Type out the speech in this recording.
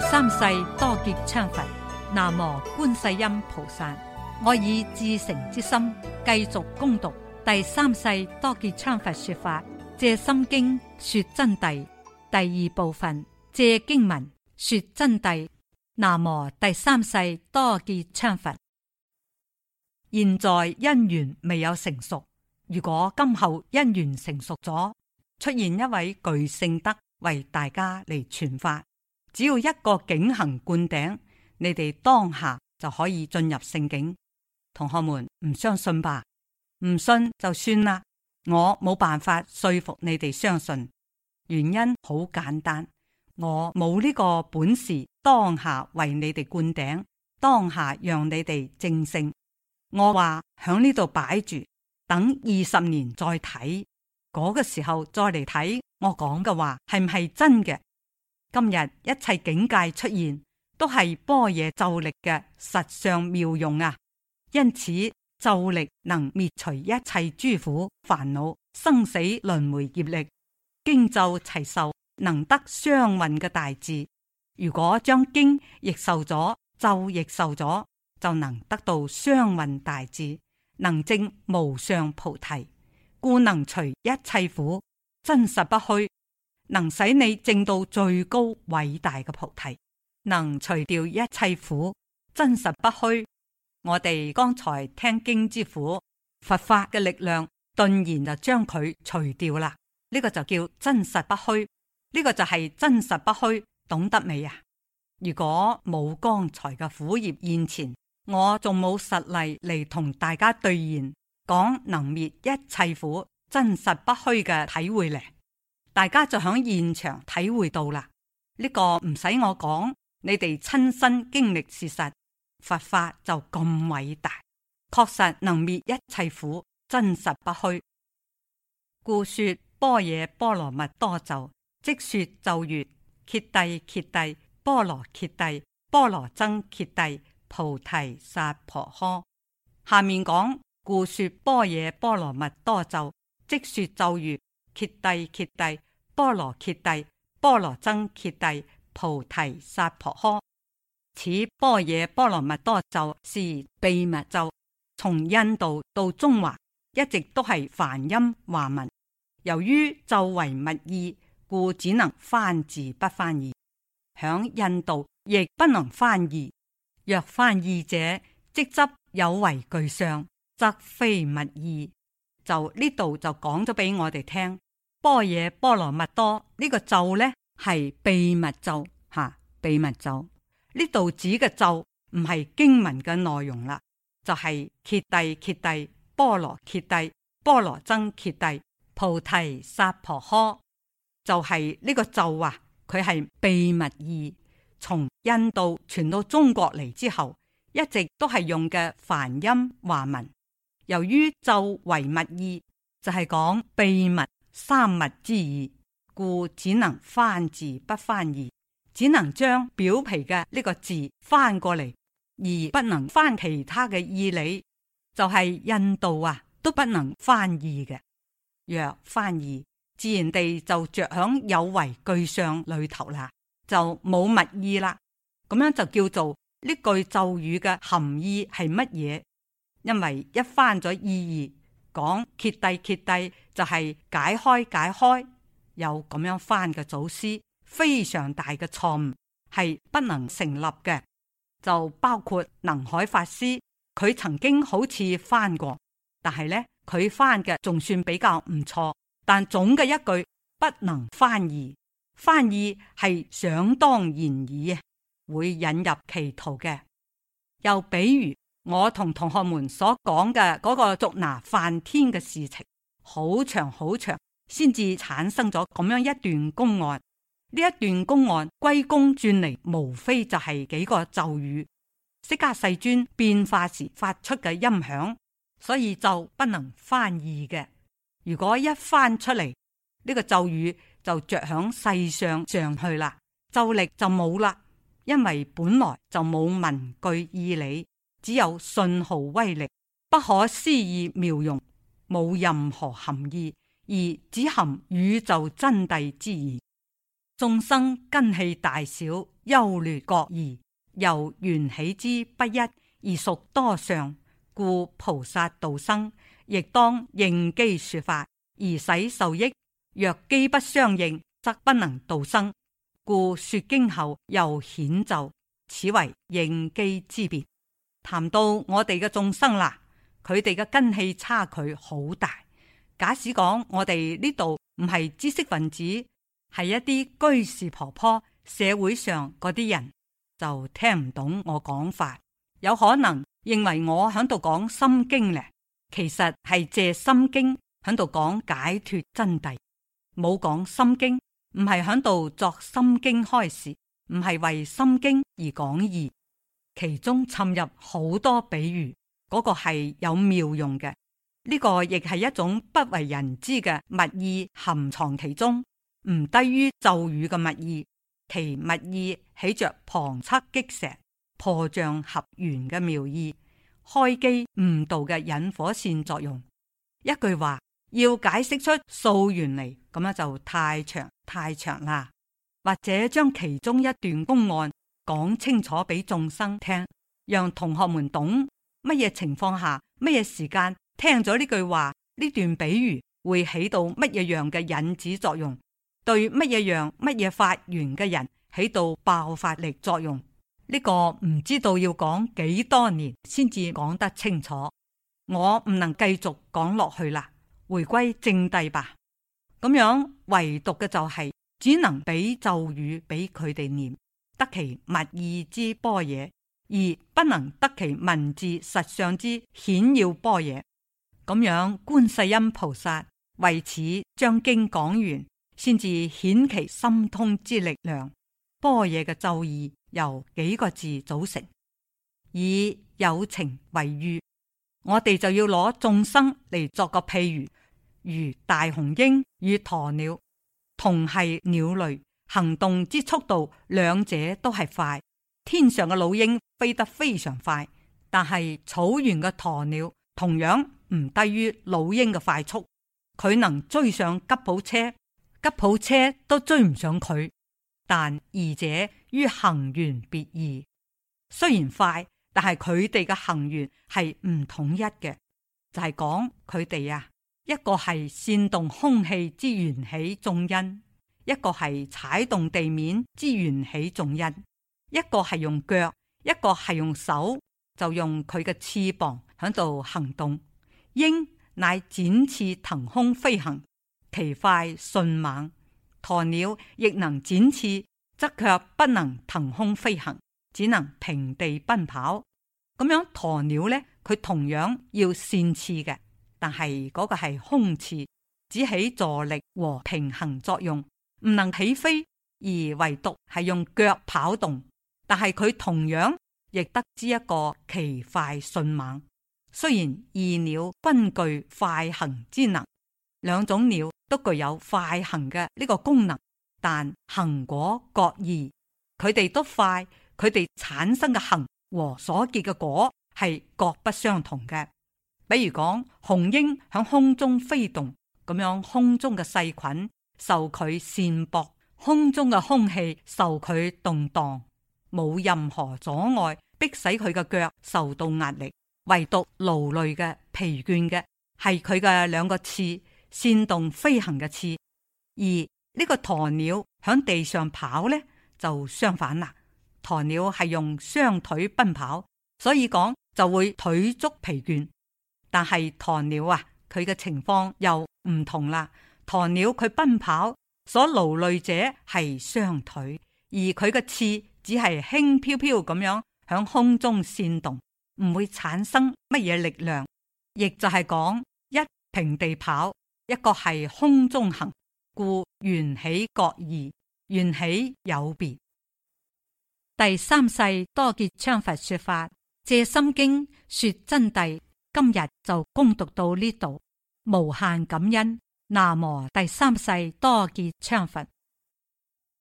第三世多杰羌佛，南無觀世音菩薩。我以至誠之心繼續恭讀第三世多杰羌佛說法，借心經說真諦第二部分，借經文說真諦。南無第三世多杰羌佛。現在因緣未有成熟，如果今後因緣成熟咗，出現一位巨聖德為大家嚟傳法。只要一個境行灌頂，你哋當下就可以進入聖境。同學們唔相信吧？唔信就算啦，我冇辦法說服你哋相信。原因好簡單，我冇呢個本事，當下為你哋灌頂，當下讓你哋證聖。我話響呢度擺住，等二十年再睇，嗰個時候再嚟睇我講嘅話係唔係真嘅？今日一切境界出現，都係般若咒力嘅實相妙用啊！因此咒力能滅除一切諸苦、煩惱、生死輪回業力，經咒齊受，能得雙運嘅大智。如果將經亦受咗，咒亦受咗，就能得到雙運大智，能證無上菩提，故能除一切苦，真實不虛。能使你證到最高偉大嘅菩提，能除掉一切苦，真實不虛。我哋剛才聽經之苦，佛法嘅力量頓然就將佢除掉啦。呢個就叫真實不虛，呢個就係真實不虛。懂得未啊？如果冇剛才嘅苦業現前，我仲冇實例嚟同大家兌現講，能滅一切苦，真實不虛嘅體會咧。大家就喺現場體會到啦，呢個唔使我講，你哋親身經歷事實，佛法就咁偉大，確實能滅一切苦，真實不虛。故說般若波羅蜜多咒，即說咒曰，揭諦揭諦，波羅揭諦，波羅僧揭諦，菩提薩婆訶。下面講故說般若波羅蜜多咒，即說咒曰，揭諦揭諦。揭帝揭帝波羅揭諦，波羅僧揭諦，菩提薩婆訶。此般若波羅蜜多咒，是秘密咒。從印度到中華，一直都係梵音華文。由於咒為密意，故只能翻字不翻譯。響印度亦不能翻譯。若翻譯者，即執有為具相，則非密意。就呢度就講咗俾我哋聽。般若波羅蜜多呢，這個咒呢，係秘密咒吓，秘密咒呢度指嘅咒唔係經文嘅內容啦，就係、是、揭諦揭諦波羅揭諦波羅僧揭諦菩提薩婆訶，就係、是、呢個咒啊，佢係秘密意，從印度傳到中國嚟之後，一直都係用嘅梵音華文，由於咒為密意，就係、是、講秘密。三物之意，故只能翻字不翻義，只能將表皮嘅呢個字翻過嚟，而不能翻其他嘅義理，就係、是、印度啊都不能翻譯嘅。若翻譯，自然地就着響有為具相裏頭啦，就冇物意啦。咁樣就叫做呢句咒語嘅含義係乜嘢？因為一翻咗意義。講揭諦揭諦就係、是、解開解開，有咁樣翻嘅祖師非常大嘅錯誤，係不能成立嘅，就包括能海法師佢曾經好似翻過，但係呢，佢翻嘅仲算比較唔錯，但總嘅一句不能翻譯。翻譯係想當然耳，會引入歧途嘅，又比如。.我同同學們所講嘅嗰個捉拿梵天嘅事情，好長好長，先至產生咗咁樣一段公案。呢一段公案歸功轉嚟，無非就係幾個咒語，釋迦世尊變化時發出嘅音響，所以就不能翻譯嘅。如果一翻出嚟，呢個咒語就着響世上上去啦，咒力就冇啦，因為本來就冇文句義理。只有信號威力不可思議妙用，冇任何含義，而只含宇宙真諦之意。眾生根氣大小優劣各異，由緣起之不一而屬多相，故菩薩度生亦當應機說法而使受益。若機不相應，則不能度生。故說經後又顯咒，此為應機之別。談到我哋嘅眾生啦，佢哋嘅根器差距好大。假使講我哋呢度唔係知識分子，係一啲居士婆婆，社會上嗰啲人就聽唔懂我講法，有可能認為我喺度講心經咧，其實係借心經喺度講解脫真諦，冇講心經，唔係喺度作心經開示，唔係為心經而講義。其中滲入好多比喻，嗰、那個係有妙用嘅。呢、這個亦係一種不為人知嘅密意，含藏其中，唔低於咒語嘅密意。其密意起着旁測擊石、破障合圓嘅妙意，開機悟道嘅引火線作用。一句話要解釋出數原嚟，咁樣就太長太長啦。或者將其中一段公案，講清楚俾眾生聽，讓同學們懂乜嘢情況下，乜嘢時間聽咗呢句話，呢段比喻會起到乜嘢樣嘅引子作用，對乜嘢樣乜嘢發緣嘅人起到爆發力作用。呢、這個唔知道要講幾多年先至講得清楚，我唔能繼續講落去啦，回歸正題吧。咁樣唯獨嘅就係、是、只能俾咒語俾佢哋念。得其物意之般若，而不能得其文字實相之顯耀般若。咁樣觀世音菩薩為此將經講完，先至顯其心通之力量。般若嘅咒語由幾個字組成，以有情為喻，我哋就要攞眾生嚟作個譬喻，如大紅鷹與鴕鳥，同係鳥類。行動之速度，兩者都係快。天上嘅老鷹飛得非常快，但係草原嘅鴕鳥同樣唔低於老鷹嘅快速。佢能追上吉普車，吉普車都追唔上佢。但二者於行緣別異，雖然快，但係佢哋嘅行緣係唔統一嘅，就係講佢哋呀，一個係煽動空氣之緣起眾因。一個係踩動地面之緣起重因，一個係用腳，一個係用手，就用佢嘅翅膀響度行動。鷹乃展翅騰空飛行，其快迅猛；鴕鳥亦能展翅，則卻不能騰空飛行，只能平地奔跑。咁樣鴕鳥呢，佢同樣要扇翅嘅，但係嗰個係空翅，只起助力和平衡作用。唔能起飛，而唯獨係用腳跑動。但係佢同樣亦得知一個奇快迅猛。雖然異鳥均具快行之能，兩種鳥都具有快行嘅呢個功能，但行果各異。佢哋都快，佢哋產生嘅行和所結嘅果係各不相同嘅。比如講雄鷹響空中飛動咁樣，空中嘅細菌。受佢扇薄空中嘅空氣，受佢動蕩，冇任何阻礙，迫使佢嘅腳受到壓力。唯獨勞累嘅、疲倦嘅係佢嘅兩個翅，扇動飛行嘅翅。而呢個鴕鳥響地上跑呢，就相反啦。鴕鳥係用雙腿奔跑，所以講就會腿足疲倦。但係鴕鳥啊，佢嘅情況又唔同啦。鴕鳥佢奔跑所勞累者係雙腿，而佢嘅翅只係輕飄飄咁樣響空中扇動，唔會產生乜嘢力量。亦就係講，一平地跑，一個係空中行，故緣起各異，緣起有別。第三世多杰羌佛說法藉心經說真諦，今日就恭讀到呢度，無限感恩。南無第三世多杰羌佛。